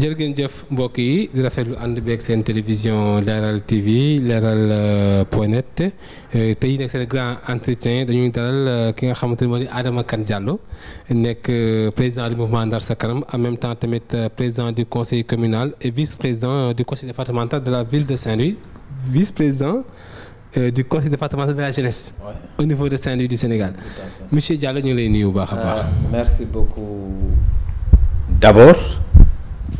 jël ngeen jëf mbokk yi di rafetlu ànd beeg seen télévision Leral TV Leral euh, point net euh, tey nekk seen grand entretien dañuy dalal euh, ki nga xamante ne moo di Adama Kane Diallo nekk président du mouvement Ndar sa kanam en même temps tamit président du conseil communal et vice président du conseil départemental de la ville de Saint-Louis vice président du conseil départemental de la jeunesse. au niveau de Saint-Louis du Sénégal. monsieur Diallo ñu lay nuyu bu baax a merci beaucoup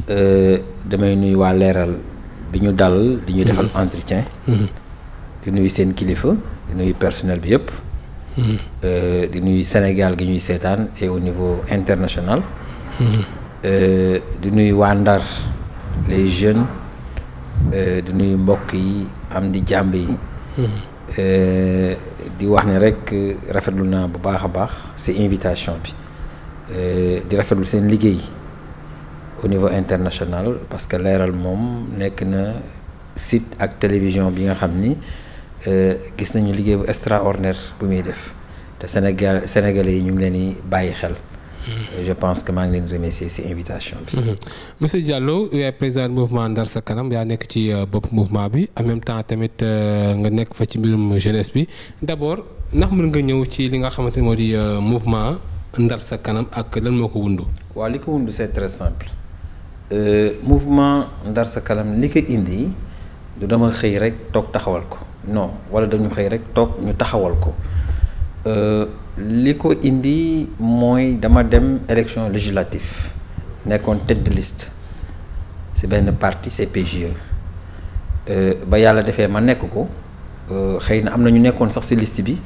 Euh, damay nuyu waa leeral bi ñu dal di ñu defal mhm. entretien mhm. di nuyu seen kilifa di nuyu personnel bi yëpp mhm. euh, di nuyu Sénégal gi ñuy seetaan et au niveau international euh, di nuyu waa Ndar les jeunes di nuyu mbokk yi am di jàmb yi di wax ne rek rafetlu naa bu baax a baax ci invitation bi di rafetlu seen liggéey au niveau international parce que leeral moom nekk na site ak télévision bi nga xam ni euh, gis nañu liggéey bu extraordinaire bu muy def te Sénégal sénégalais yi ñu ngi leen di bàyyi xel. Mm-hmm. je pense que maa ngi leen remercier ci invitation bi. Mm-hmm. monsieur Diallo yaay président mouvement Ndar sa kanam yaa nekk ci euh, bopp mouvement bi en même temps tamit euh, nga nekk fa ci mbirum jeunesse bi d'abord ndax mën nga ñëw ci li nga xamante ni moo di mouvement Ndar sa kanam ak lan moo ko wundu. Euh, mouvement ndar sa kanam li ko indi du dama xëy rek toog taxawal ko non wala dañu xëy rek toog ñu taxawal ko euh, li ko indi mooy dama dem élection législative nekkoon tête de liste si benn parti CPGE euh, ba yàlla defee ma nekk ko xëy na am na ñu nekkoon sax si liste bi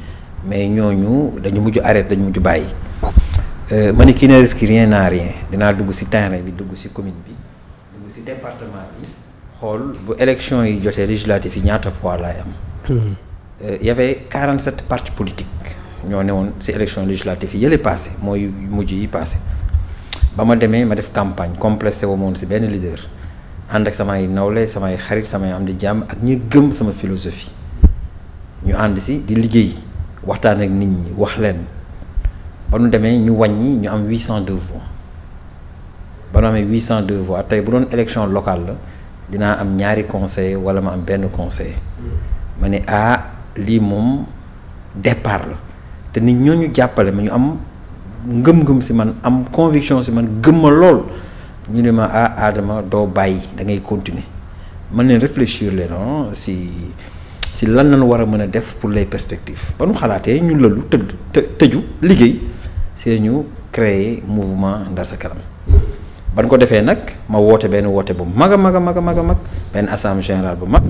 mais ñooñu dañu mujj arrêté dañu mujj bàyyi. Euh, ma ni qui ne risque rien n'a rien dinaa dugg ci terrain bi dugg ci commune bi dugg ci département bi xool bu élection yu jotee législative yi ñaata fois lay am. Hmm. Euh, y avait 47 partie politiques ñoo ne woon ci élection législative yi yële passé mooy mujj yi passé ba ma demee ma def campagne complexé wu ma woon ci benn leader ànd ak samay nawle samay xarit samay am di jàmm ak ñi sama philosophie ñu ànd ci di liggéey waxtaan ak nit ñi wax leen. ba nu demee ñu wàññi ñu am cent 802 voix ba nu amee 802 voix tey bu doon élection locale la dinaa am ñaari conseil wala ma am benn conseil ma ne ah lii moom départ la te nit ñoo ñu jàppale ma ñu am ngëm-ngëm si man am conviction si man gëm ma lool ñu ne ma ah aadama doo bàyyi da ngay continuer man leen réfléchir leen ah, si si lan lañu war a mën a def pour les perspectives ba nu xalaatee ñu lalu tëdd të tëju liggéey si la ñu créer mouvement Ndar sa kanam ban ko defee nag ma woote benn woote bu mag a mag a mag a mag a mag benn assemblée général bu mag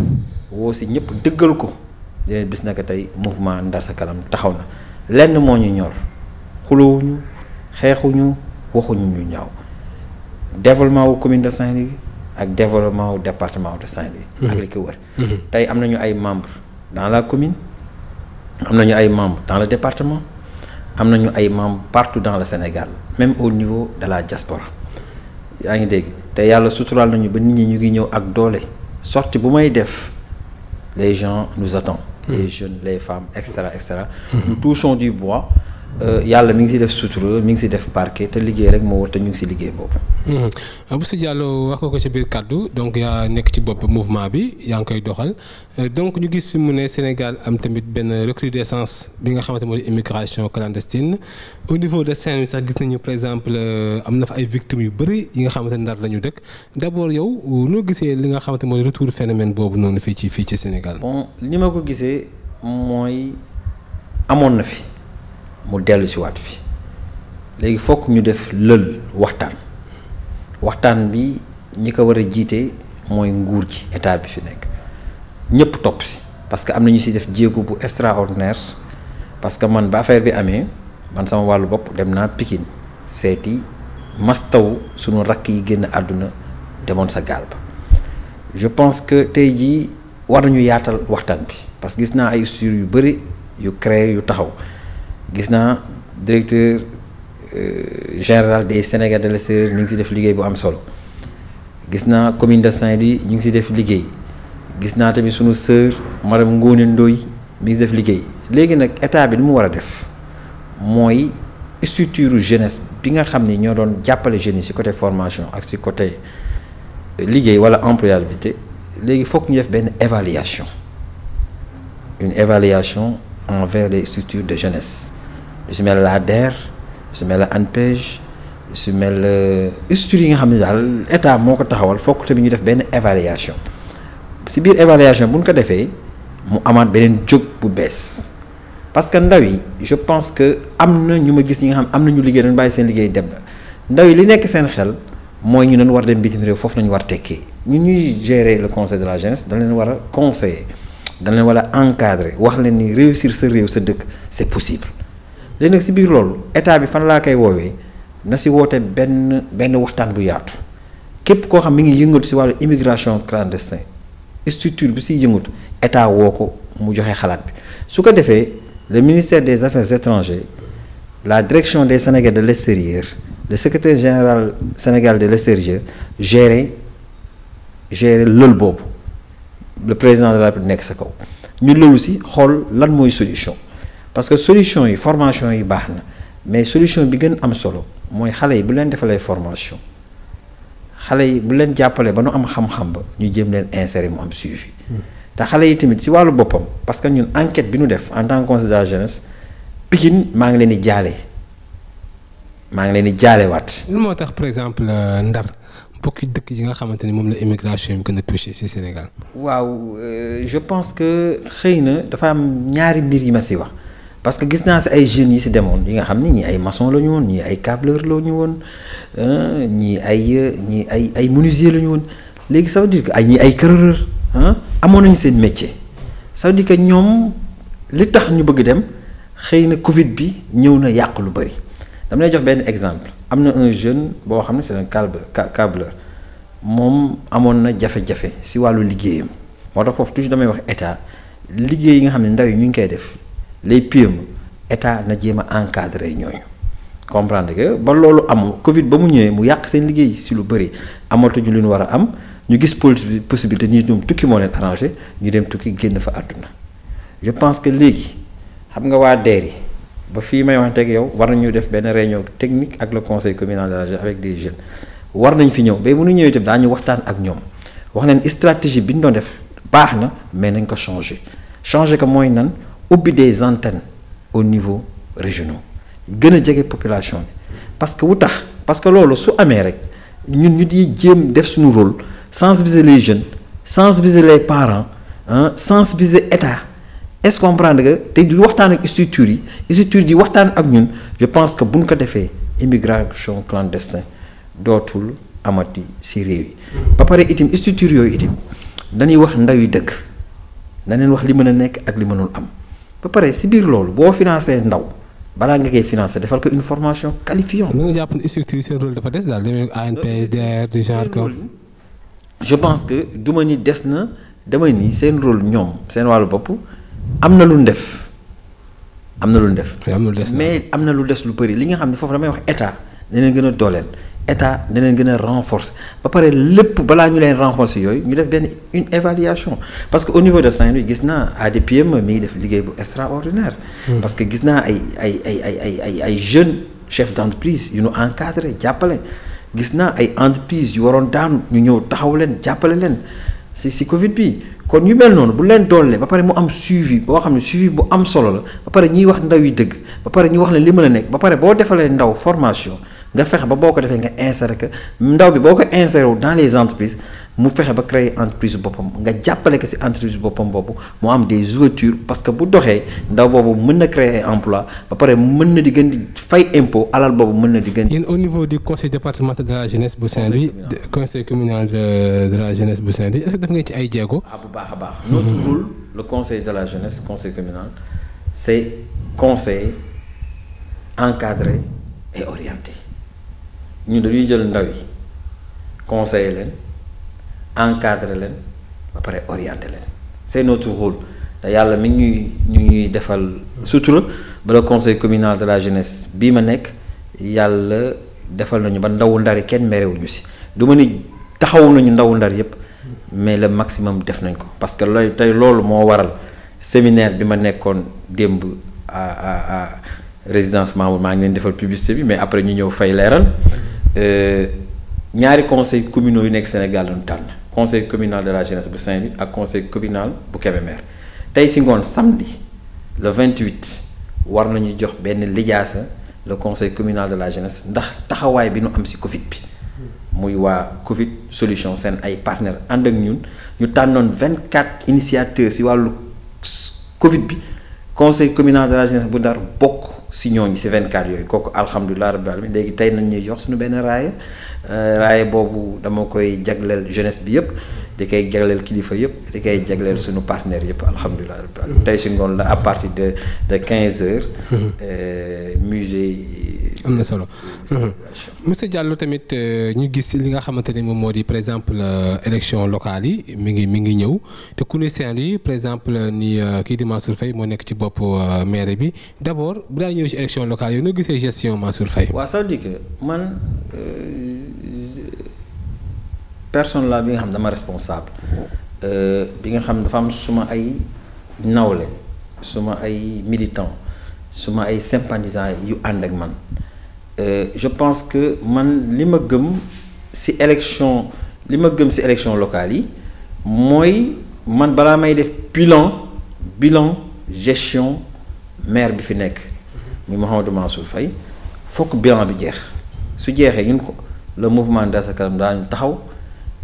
woo si ñëpp dëggal ko dinañ bis naka tey mouvement Ndar sa kanam taxaw na lenn moo ñu ñor xulowuñu xeexuñu waxuñu ñu ñaaw développement wu commune de Saint-Louis ak développement wu département de Saint-Louis. Mhm. ak li ko wër. Mhm. tey am nañu ay membres dans commune am nañu ay membres dans le am nañu ay membres partout dans le Sénégal même au niveau de la diaspora yaa ngi dégg te yàlla suturaal nañu ba nit ñi ñu ngi ñëw ak doole sortie bu may def les gens nous attendent. Hmm. les jeunes les femmes et cetera et cetera. du bois. Euh, yàlla mi ngi si def sutura mi ngi si def parquet te liggéey rek moo war te ñu ngi si liggéey boobu. Mm-hmm. Bousso Diallo wax nga ko ci biir kàddu donc yaa nekk ci bopp mouvement bi yaa ngi koy doxal euh, donc ñu gis fi mu ne Sénégal am tamit benn recrudescence bi nga xamante moo di immigration clandestine au niveau de Saint-Louis sax gis nañu par exemple euh, am na fa ay victimes yu bëri yi nga xamante ne ndar la ñu dëkk d' abord yow noo gisee li nga xamante mooy retour phénomène boobu noonu fii ci fii ci Sénégal. bon ma ko gisee mooy na fi. mu dellu si waat fi léegi fokk ñu def lël waxtaan waxtaan bi ñi ko war a jiite mooy nguur gi état bi fi nekk ñëpp topp si parce que am na ñu si def jéego bu extraordinaire parce que man ba affaire bi amee man sama wàllu bopp dem naa Pikine seeti mastaw sunu rakk yi génn àdduna demoon sa gaal ba je pense que tey jii war nañu yaatal waxtaan bi parce que gis naa ay structures yu bëri yu créé yu taxaw gis naa directeur euh, général des Sénégal de l'extérieur ñu ngi si def liggéey bu am solo gis naa commune de Saint-Louis ñu ngi si def liggéey gis naa tamit sunu sœur madame Ngone Ndoye mi ngi def liggéey léegi nag état bi lu mu war a def mooy structure jeunesse bi nga xam ni ñoo doon jàppale jeunes yi si côté formation ak si côté euh, liggéey wala employabilité léegi foog ñu def benn évaluation une évaluation envers les structures de jeunesse lu si mel la DER lu si mel la ANPEJ lu si mel euh, structures yi nga xam ne daal état moo ko taxawal fokk tamit ñu def benn évaluation si biir évaluation bu ñu ko defee mu amaat beneen jóg bu bees parce que ndaw yi je pense que am na ñu ma gis ñi nga xam am na ñu liggéey dañu bàyyi seen liggéey dem na ndaw yi li nekk seen xel mooy ñu leen war dem bitim réew foofu lañu war tekkee ñu ñuy gérer le conseil de la jeunesse dañ leen war a conseiller dañ leen war a wax leen ni réussir sa réew sa dëkk c'est possible. léegi nag si biir loolu état bi fan laa koy woowee na si woote benn benn waxtaan bu yaatu képp koo xam mi ngi yëngatu si wàllu immigration clandestin structure bi si yëngatu état woo ko mu joxe xalaat bi su ko defee le ministère des affaires étrangères la direction des sénégal de l'extérieur le secrétaire général Sénégal de l'extérieur gérer gérer lël boobu le président de la nekk sa kaw ñu lëlu si xool lan mooy solution parce que solution yi formation yi baax na mais solution bi gën am solo mooy xale yi bu leen defalee formation xale yi bu leen jàppalee ba nu am xam-xam ba ñu jëm leen insérer mu am suivi. te xale yi tamit ci wàllu boppam parce que ñun enquête bi ñu def en tant que conseil de maa ngi leen di jaale maa ngi leen di jaalewaat. lu moo tax par exemple euh, Ndar bokki dëkk yi nga xamante ni moom la immigration bi gën a touché si Sénégal. waaw euh, je pense que xëy na dafa am ñaari mbir yi ma si wax. parce que gis naa si ay jeunes yi si demoon yi nga xam ni ñii ay mason la ñu woon ñii ay câbleur la ñu woon ah, ñii ay ñii ay ay menuisier la ñu woon léegi ça veut que ay ñii ay carreleur ah, amoon nañu seen métier ça veut que ñoom li tax ñu bëgg dem xëy na Covid bi ñëw na yàq lu bëri dama lay jox benn exemple am na un jeune boo xam ne c'est un moom amoon na jafe-jafe si wàllu liggéeyam moo tax foofu toujours damay wax état liggéey yi nga xam ne ndaw yi ñu ngi koy def. les PME état na jéem a encadrer ñooñu comprendre que ba loolu amul Covid ba mu ñëwee mu yàq seen liggéey si lu bëri amatuñu lu ñu war a am ñu gis possibilité ñi ñoom tukki moo leen arrangé ñu dem tukki génn fa àdduna je pense que léegi xam nga waa DER yi ba fii may waxanteeg yow war nañu def benn réunion technique ak le conseil communal de jeunes war nañ fi ñëw ba bu ñu ñëwee itam daañu waxtaan ak ñoom wax leen stratégie bi ñu doon def baax na mais nañ ko changer changer ko mooy nan. ubbi des antennes au niveau régionaux gën a jege population bi parce que wu tax parce que loolu su amee rek ñun ñu di jéem def suñu rôle sensibiliser les jeunes sensibiliser les parent ah sensibiliser état est comprendre que te di waxtaan ak structures yi structures yi waxtaan ak ñun je pense que bu buñ ko defee immigration clandestine dootul amati si réew yi ba pare itam structures yooyu itam dañuy wax ndaw yi dëkk na leen wax li mën a nekk ak li mënul am ba pare si biir loolu boo financé ndaw balaa nga koy financé defal ko une formation qualifiante. ñu ngi jàpp ne structure seen rôle dafa des daal demee ANPS DR du genre comme. je pense que duma ni des na damay ni seen rôle ñoom seen wàllu bopp am na lu ñu def am na lu ñu def. am lu des mais am na lu des lu bëri li nga xam ne foofu damay wax état. daneen gën a dooleel état daneen gën a renforce ba pare lépp balaa ñu leen renforcer yooyu ñu def benn une évaluation parce que au niveau de Saint-Louis gis naa ADPM mi ngi def liggéey bu extraordinaire hmm. parce que gis naa ay ay ay ay ay ay jeunes chefs d'entreprise yu ñu encadré jàppale gis naa ay entreprise yu waroon daanu ñu ñëw taxaw leen jàppale leen si si Covid bi kon yu mel noonu bu leen doolee ba pare mu am suivi boo xam ne suivi bu am solo la ba pare ñuy wax ndaw yi dëgg ba pare ñu wax ne li mën a nekk ba pare boo defalee ndaw formation nga fexe ba boo ko defee nga insérer que ndaw bi boo ko insérer wu dans les entreprises mu fexe ba créer entreprise boppam nga jàppale ko ci entreprise boppam boobu moo am des ouvertures parce que bu doxee ndaw boobu mën na créer emploi ba pare mën na di gën di fay impôt alal boobu mën na di gën. yéen au niveau du conseil départemental de la jeunesse bu Saint-Louis conseil communal de bu Saint-Louis est-ce que def nga ci ay jéego. ah bu baax a baax. notre hmm. rôle le conseil de la jeunesse conseil communal c'est conseiller encadrer et orienter. ñu dañuy jël ndaw yi conseiller leen encadrer leen ba pare orienter leen c'est notre rôle te yàlla mi ngi ñu ñuy defal sutura ba le conseil communal de la jeunesse bii ma nekk yàlla defal nañu ba ndawu ndar kenn merewuñu si du ma taxawu nañu ndawu ndar yépp mais le maximum def nañ ko parce que lay tey loolu moo waral séminaire bi ma nekkoon démb à à à résidence Mamour maa ngi leen defal publicité bi mais après ñu ñëw fay leeral Euh, ñaari conseil communaux yu nekk Sénégal lañu tànn conseil communal de la jeunesse bu Saint-Louis ak conseil communal bu Kébémer tey si ngoon samedi le 28 war nañu jox benn lijaasa le conseil communal de la jeunesse ndax taxawaay bi nu am si Covid bi muy waa Covid solution seen ay partenaires ànd ak ñun ñu tànnoon 24 initiateurs si wàllu Covid bi conseil communal de la jeunesse bu Ndar bokk. si ñooñu si 24 yooyu kooku alhamdulilah rabbil alamin léegi tey nañ ñuy jox suñu benn raaya euh, raaya boobu dama koy jagleel jeunesse bi yëpp. di koy jagleel kilifa yëpp li koy jagleel suñu partenaire yëpp alhamdulilah rabbil alamin tey si ngoon la à partir de de quinze heures mhm. euh, musée am na solo mhm. monsieur Diallo tamit euh, ñu gis li nga xamante ni moom moo di par exemple euh, élection locale yi mi ngi mi ngi ñëw te ku ne Saint-Louis par exemple ni kii di Mansour Faye moo nekk ci bopp maire bi d' abord bu daa ñëw ci élection locale yooyu noo gisee gestion Mansour Faye waaw ça veut dire que man personne la bi nga xam dama responsable euh, bi nga xam dafa am suma ay nawle suma ay militant suma ay sympathisant yu ànd ak man euh, je pense que man li ma gëm si élection li ma gëm ci élection locale yi mooy man balaa may def bilan bilan gestion maire bi fi nekk muy Mouhamadou Mansour fay fokk bilan bi jeex su jeexee ñun ko le mouvement Ndeer sa Kanam daañu taxaw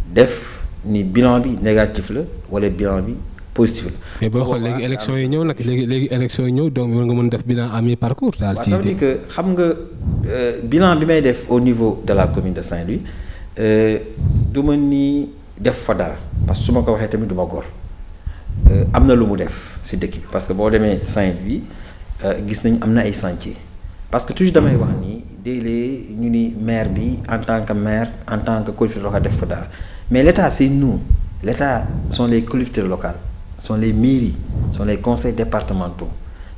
def ni bilan bi négatif la wala bilan bi positif la. mais boo xoolee léegi élection yi ñëw nag léegi léegi élection yi ñëw donc war nga mën def bilan à mi-parcours. daal ci waaw que xam nga euh, bilan bi may def au niveau de la commune de Saint-Louis euh, du ma ni def fa dara parce que su ma ko waxee tamit du ma góor euh, am na lu mu def si dëkk bi parce que boo demee Saint-Louis gis nañ am na ay chantiers parce que toujours damay wax nii déedéet ñu ni maire bi en tant que maire en tant que collectivité locale def fa dara. mais l'État si nous l'État son les collectivités locales sont les mairies sont les conseils départementaux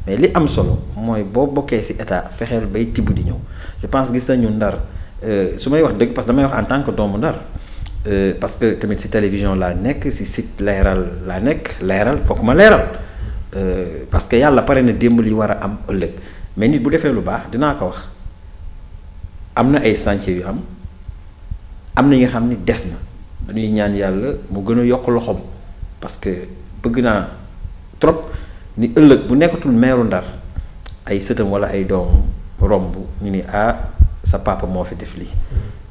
mais li am solo mooy boo bokkee ci état fexeel bay tibb di ñëw je pense gis nañu ndar euh, su may wax dëgg parce que damay wax en tant que doomu ndar euh, parce que tamit ci télévision laa nekk ci site leeral laa nekk leeral foog ma leeral euh, parce que yàlla pare na démb li war a am ëllëg mais nit bu defee lu baax dinaa ko wax am na ay chantier yu am am na yoo xam ni des dañuy ñaan yàlla mu gën a yokk loxoom parce que bëgg naa trop ni ëllëg bu nekkatul meeru Ndar ay sëtam wala ay doom romb ñu ni ah sa papa moo fi def lii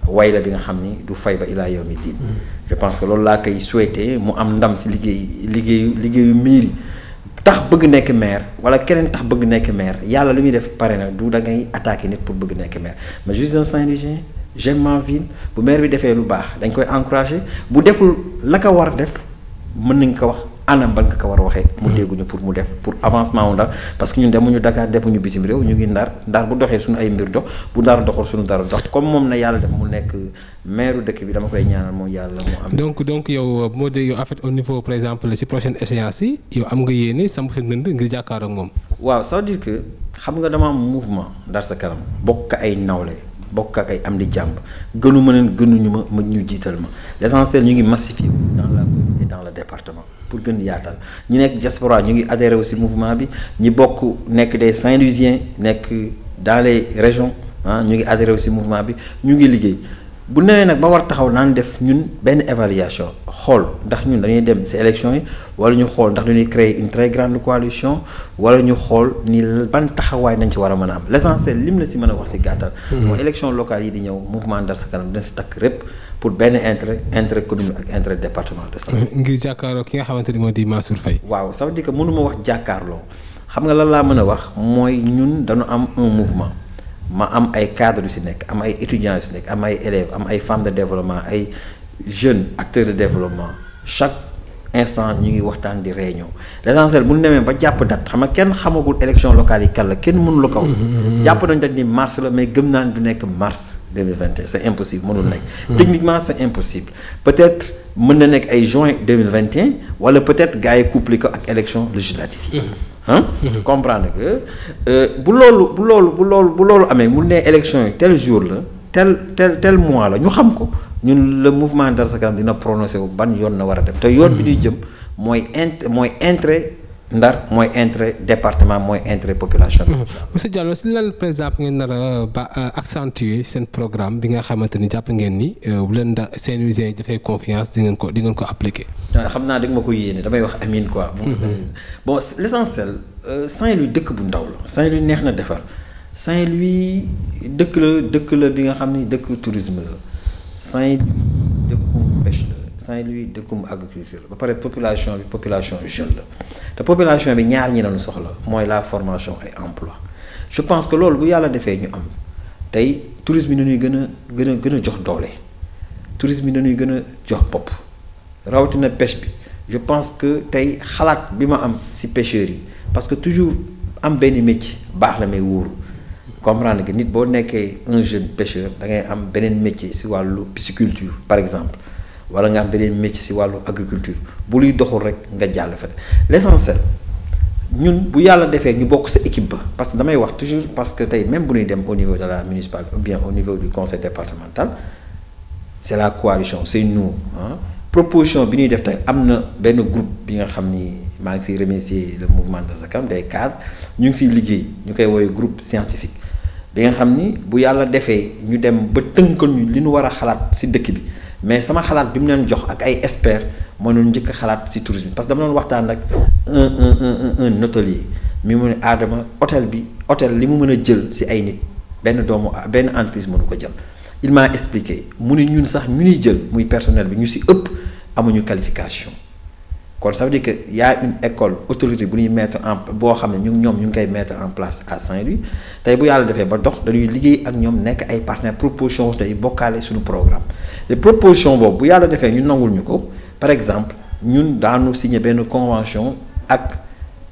way la bi nga xam ni du fay ba ilaa yawmi diin je pense que loolu laa koy souhaité mu am ndam si liggéey liggéeyu liggéeyu miir yi tax bëgg nekk maire wala keneen tax bëgg nekk maire yàlla lu muy def pare na du da ngay attaquer nit pour bëgg nekk maire ma juste un Saint-Louisien je m'en bu maire bi defee lu baax dañ koy encourager bu deful la ka war def mën nañ ko wax anam ba nga ko war a waxee. mu mhm. dégguñu pour mu def pour avancement wu ndar parce que ñun demuñu Dakar demuñu bitim réew ñu ngi ndar ndar bu doxee suñu ay mbir dox bu ndar doxul suñu dara dox comme moom na yàlla def mu nekk maire dëkk bi dama koy ñaanal moom yàlla moo am. donc donc yow moo de yow en fait au niveau par exemple si prochaine échéance yi yow am nga yéene samp sa ndënd ngir jàkkaar moom. waaw ça veut que xam nga dama am mouvement ndar sa kanam bokk ay nawle. bokk ak ay am di jàmb gënu ma leen gënuñu ma ma ñu jiital ma l'essentiel ñu ngi massifier dans la commune le département pour gën yaatal ñu nekk diaspora ñu ngi adhéré aussi mouvement bi ñi bokk nekk des Saint-Louisiens nekk dans les régions ah ñu ngi adhéré aussi mouvement bi ñu ngi liggéey bu newee nag ba war taxaw naan def ñun benn évaluation xool ndax ñun dañuy dem ci élection yi wala ñu xool ndax dañuy créer une très grande coalition wala ñu xool ni ban taxawaay nañ ci war a mën a am l'essentiel lim la si mën a wax ci gàttal. Hmm. mooy élection locale yi di ñëw mouvement Ndar sa kanam dina ci takk rëpp pour benn intre intérêt commune ak intérêt département de Sénégal. ngir jàkkaarloo ki nga xamante ni moo di Mansour Faye. waaw ça veut dire que mënuma wax xam nga lan laa mën a wax mooy ñun dañu am un ma am ay cadres yu si nekk am ay étudiants yu si nekk am ay élèves am ay femmes de développement ay jeunes acteur de développement chaque instant ñu ngi waxtaan di réunion l'essentiel bu ñu demee ba jàpp dat xam nga kenn xamagul élection locale yi kan la kenn mënu la ko mm-hmm, mm-hmm. jàpp nañ date ni mars la mais gëm naa ne du nekk mars 2021 c'est impossible mënul nekk. Mm-hmm. techniquement c'est impossible peut-être mën na nekk ay juin 2021 wala peut-être gars yi couplé ko ak élection législative yi. ah comprendre que euh, bu loolu bu loolu bu loolu bu loolu amee mun ne élection yi tel jour la tel tel tel mois la ñu xam ko ñun le mouvement Dara Sa Kanam dina prononcé wu ban yoon na war a dem te yoon bi ñuy jëm mooy int mooy intérêt ndar mooy intérêt département mooy intérêt population bi. Mhm. monsieur Diallo si lan par exemple ngeen nar a ba euh, accentuer seen programme bi nga xamante ni jàpp ngeen ni euh, bu leen da seen usine yi dafay confiance di ngeen ko di ngeen ko appliquer. xam naa da nga ma ko yéene damay wax amiin quoi. bon mhm. l' essentiel euh, Saint-Louis dëkk bu ndaw la. Saint-Louis neex na defar Saint-Louis dëkk la dëkk la bi nga xam ni dëkk tourisme la Saint-Louis dëkku pêche la. Saint-Louis dëkkum agriculture ba pare population bi population jeune la te population bi ñaar ñi lañu soxla mooy la formation ay emploi je pense que loolu bu yàlla defee ñu am tey tourisme bi dañuy gën a gën a gën a jox doole tourisme bi dañuy gën a jox popp rawatina pêche bi je pense que tey xalaat bi ma am ci pêcheurs yi parce que toujours am benn métier baax la may wóoru comprendre que nit boo nekkee un jeune pêcheur da ngay am beneen métier ci wàllu pisciculture par exemple wala nga am beneen métier si wàllu agriculture bu luy doxul rek nga jàll fene l'essentiel ñun bu yàlla defee ñu bokk sa équipe ba parce que damay wax toujours parce que tey même bu ñuy dem au niveau de la municipale ou bien au niveau du conseil départemental c'est la coalition c'est nous ah proposition bi ñuy def tey am na benn groupe bi nga xam ni maa ngi siy remercier le mouvement de Sakam des cadres ñu ngi siy liggéey ñu koy woowee groupe scientifique bi nga xam ni bu yàlla defee ñu dem ba tënkal ñu li ñu war a xalaat si dëkk bi mais sama xalaat bi mu leen jox ak ay experts moo doon njëkk xalaat si tourisme parce que dama doon waxtaan nag un un un un hôtelier mu ne aadama hôtel bi hôtel li mu mën a jël si ay nit benn doomu benn entreprise mënu ko jël. il m'a mu ne ñun sax ñu ñuy jël muy personnel bi ñu si ëpp amuñu qualification. kon ça veut dire que y une école autorité bu ñuy mettre en boo xam ne ñu ñoom ñu ngi koy metre en place à Saint-Louis tey bu yàlla defee ba dox dañuy liggéey ak ñoom nekk ay partenaires proposition tey bokkaale suñu programme te proposition boobu bu yàlla defee ñu nangul ñu ko par exemple ñun daanu signer benn convention ak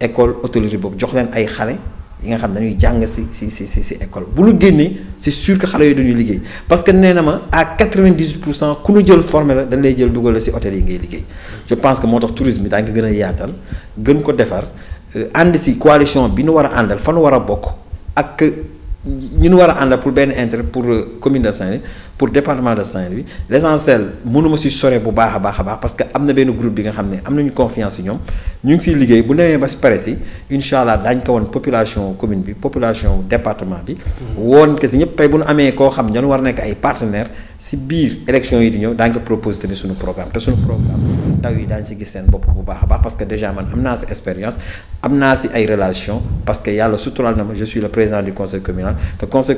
école autorité boobu jox leen ay xale yi nga xam dañuy jàng si si si si si école bu lu génnee c'est sûr que xale yooyu dañuy liggéey parce que nee na ma à 98 pour cent ku nu jël formé la dañ lay jël dugal la si hôtel yi ngay liggéey je pense que moo tax tourisme bi daa ngi gën a yaatal gën ko defar euh, ànd si coalition bi nu war a àndal fa nu war a bokk ak ñu nu war a ànd pour benn intérêt pour euh, commune de Saint-Louis pour département de Saint-Louis l' essentiel mënuma si sore bu baax a baax a baax parce que am na benn groupe bi nga xam ne am nañu confiance si ñoom ñu ngi siy liggéey bu demee ba si pare si incha allah daañu ko woon population commune bi population département bi. Mm-hmm. woon que si ñëpp tey bu nu amee koo xam ñoo war a nekk ay partenaires si biir élection yi di ñëw daañu ko proposé tamit suñu programme te suñu ndaw yi daañu si gis seen bopp bu baax a baax parce que déjà man am naa si expérience am naa si ay relation parce que yàlla suturaal na ma je suis le président du conseil communal te conseil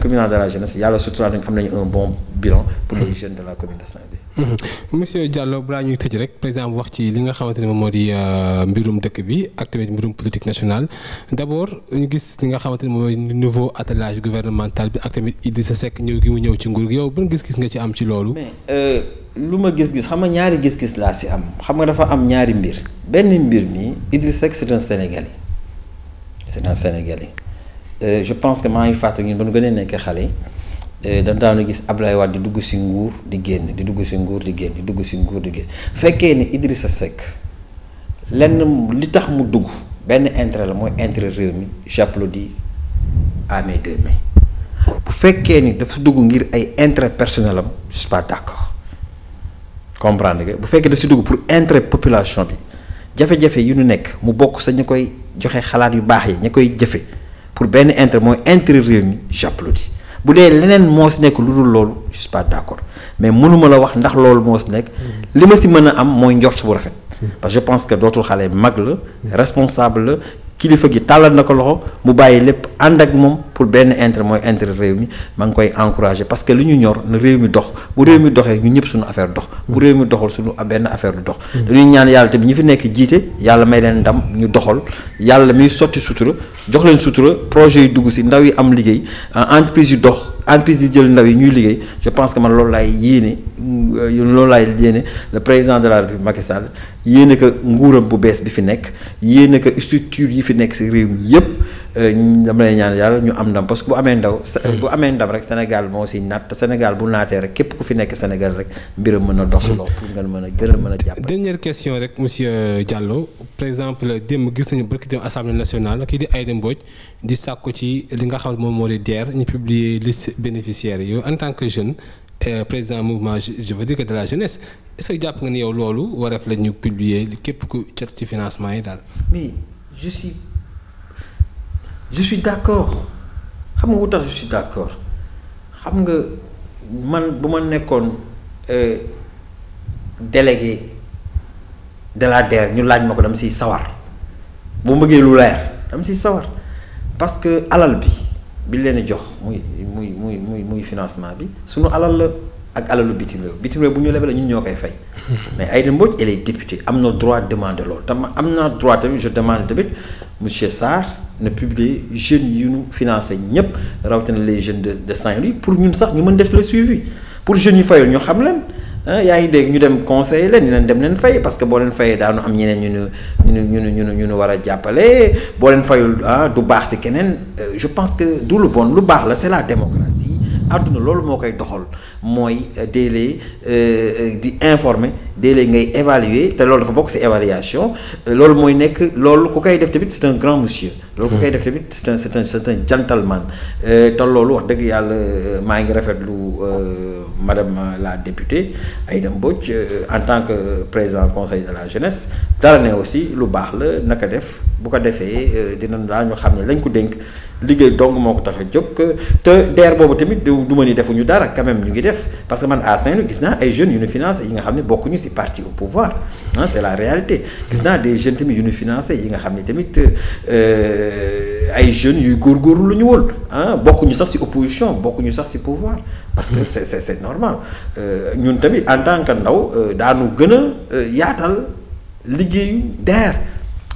bon bilan pour les jeunes de la commune de Saint-Louis. Mm-hmm. Mm-hmm. monsieur balaa ñuy tëj rek président wax ci li nga xamante ne euh, mbirum dëkk bi ak tamit mbirum politique nationale d'abord ñu gis li nga xamante ne nouveau attelage gouvernemental bi ak tamit Idrissa Seck ñëw gi ñëw gi yow lu ma gis-gis xam nga ñaari gis-gis laa si am xam nga dafa am ñaari mbir benn mbir mii Idriss Seck c'est un Sénégalais c'est un Sénégalais euh, je pense que maa ngi fàttali ñun ba ñu gënee nekk xale yi euh, dañu daan gis Ablaye Wade di dugg si nguur di génn di dugg si nguur di génn di dugg si nguur di génn fekkee ni Idrissa Seck lenn li tax mu dugg benn intérêt la mooy intérêt réew mi j'applaudis à mes deux mains bu fekkee ni dafa dugg ngir ay intérêt personnel am je pas d'accord comprendre nga bu fekkee daf si dugg pour intérêt population bi jafe-jafe yu ñu nekk mu bokk sa ñu koy joxe xalaat yu baax yi ñu koy jëfe pour benn intérêt mooy intérêt réew mi j'applaudis bu dee leneen moo si nekk lu dul loolu je suis pas d'accord mais mënuma la wax ndax loolu moo si nekk li ma si mën a am mooy njort bu rafet parce je pense que dootul xale mag la responsable kilifa gi tàllal na ko loxo mu bàyyi lépp ànd ak moom pour benn intérêt mooy intérêt réew mi maa ngi koy encouragé parce que lu ñu ñor na réew mi dox bu réew mi doxee ñu ñëpp suñu affaire dox bu réew mi doxul suñu benn affaire du dox mm. dañuy ñaan yàlla tamit ñi fi nekk jiite yàlla may leen ndam ñu doxal yàlla miy sotti sutura jox leen sutura projet yu dugg si ndaw yi am liggéey entreprise yu dox entreprise di jël ndaw yi ñuy liggéey je pense que man loolu laay yéene euh, loolu laay yéene le président de la République Macky Sall yéene bu bees bi fi nekk yéene ko structure yi fi nekk si réew yëpp Euh, dama lay ñaan yàlla ñu am ndam parce que bu amee ndaw hmm. bu amee ndam rek Sénégal moo si naat Sénégal bu naatee rek képp ku fi nekk Sénégal rek mbiram mën a dox si hmm. loolu pour nga mën a gën a mën a jàpp dernière question rek monsieur euh, Diallo par exemple démb gis nañu barki dem assemblée nationale di Aïda Mbodj di sàkku ci li nga xam ne moom moo di DER ñu publier liste bénéficiaires yow en tant que jeune euh, président mouvement je veux dire de la jeunesse est jàpp nga ni yow loolu wareef la ñu publier képp ku jot ci financement yi daal je suis d'accord xam nga wu tax je d'accord xam nga man bu ma nekkoon euh, délégué de la DER ñu laaj ma ko dama siy sawar bu bëggee lu leer dama siy sawar parce que alal bi bi leen jox muy muy muy muy muy financement bi sunu alal la ak alalu bitim réew bitim réew bu ñu lebee la ñun ñoo koy fay. mais Aïda Mbodj elle est am na droit demande lool tam am naa droit tamit je demande tamit monsieur saar na publier jeunes yu nu financé ñëpp rawatina les jeunes de de Saint-Louis pour ñun sax ñu mën def le suivi pour jeunes yi fayul ñu xam leen. Ah, yaa ngi dégg ñu dem conseil leen ñu leen dem leen fay parce que boo leen fayee daanu am ñeneen ñu nu ñu ñu ñu ñu ñu war a jàppale boo leen fayul ah du baax ci keneen euh, je pense que du lu bon lu baax la c'est la démocratie. àdduna loolu moo koy doxal mooy euh, délai euh, euh, di informer délai ngay évaluer te loolu dafa bokk si évaluation loolu mooy nekk loolu ku koy def tamit c'est un grand monsieur. loolu ku koy def tamit c'est un c'est un c'est un gentleman te loolu wax dëgg yàlla maa ngi rafet rafetlu. madame euh, la députée Aïda Mbodj euh, en tant que euh, président conseil de la jeunesse dara ne aussi lu baax la naka def bu ko defee dina daa ñu xam ne lañ ko dénk liggéey dong moo ko tax a jóg te deer boobu tamit du ma ni defuñu dara quand ñu ngi def parce que man à Saint-Louis gis naa ay jeune yu ñu financé yi nga xam ni bokkuñu ci parti au pouvoir ah c'est la réalité gis naa des jeunes tamit yu nu financé yi nga xam ne tamit. ay jeunes yuy góorgóorlu lu ñu woon ah bokkuñu sax ci opposition bokkuñu sax ci pouvoir parce que mm. c'est c'est c'est normal euh, ñun tamit en tant que ndaw euh, daanu gën a euh, yaatal liggéeyu DER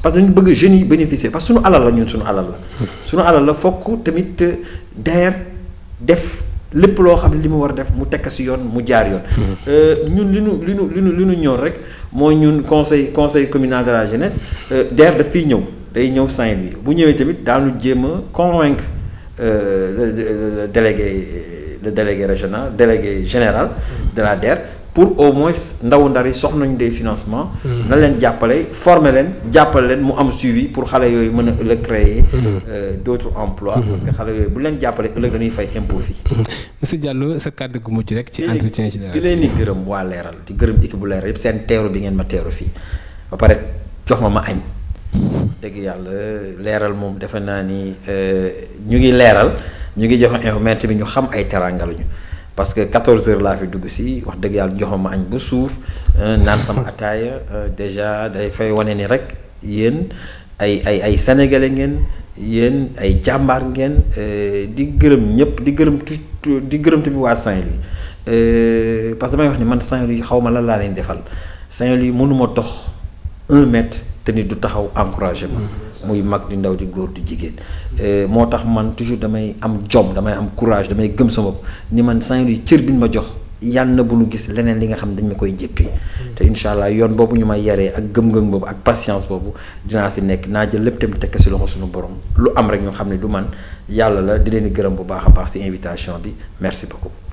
parce que dañu bëgg jeunes yi bénéficier parce que suñu alal la ñun suñu alal la. Mm. suñu alal la fokk tamit DER def lépp loo xam ne li mu war a def mu tekk ci yoon mu jaar yoon. Mm. ñun li nu li nu li nu li ñëw rek mooy ñun conseil conseil communal de la jeunesse DER daf ñëw. day ñëw saint bi bu ñëwee tamit daanu jéem a convaincre euh, le délégué le délégué régional délégué général mm-hmm. dalaa DER pour au moins ndawu ndar yi soxla nañu des financement mm-hmm. na leen jàppale former leen jàppale leen mu am suivi pour xale yooyu mën a ëllëg créer. Mm-hmm. Euh, d' autres emplois. parce que xale yooyu bu leen jàppale ëllëg dañuy fay impôt fii. monsieur Diallo sa kàddu gu mujj rek ci entretien général. di leen di gërëm waa leeral di gërëm équipe bu leeral yëpp seen teeru bi ngeen ma fii ba pare jox ma añ. dëgg yàlla leeral moom defe naa ni euh, ñu ngi leeral ñu ngi jox info bi ñu xam ay teranga lañu parce que 14 heures laa fi dugg si wax dëgg yàlla joxoon ma añ bu suur euh, naan sama ataaya euh, déjà day fay wane ni rek yéen ay ay ay sénégalais ngeen yéen ay jàmbaar ngeen di gërëm ñëpp di gërëm tu di gërëm tamit waa Saint-Louis parce que damay wax ni man Saint-Louis xaw ma lan laa leen defal Saint-Louis mënuma dox un mètre. te ni du taxaw encouragé ma muy mag di ndaw di góor di jigéen eh, moo tax man toujours damay am jom damay am courage damay gëm sama bopp ni man saint yi cër bi ma jox yàlla na bu ñu gis leneen li nga xam dañ ma koy jëppee te incha allah yoon boobu ñu may yaree ak gëm-gëm boobu ak patience boobu dinaa si nekk naa jël lépp tamit tekk si loxo suñu borom lu am rek ñoo xam ne du man yàlla la di leen di gërëm bu baax a baax si invitation bi merci beaucoup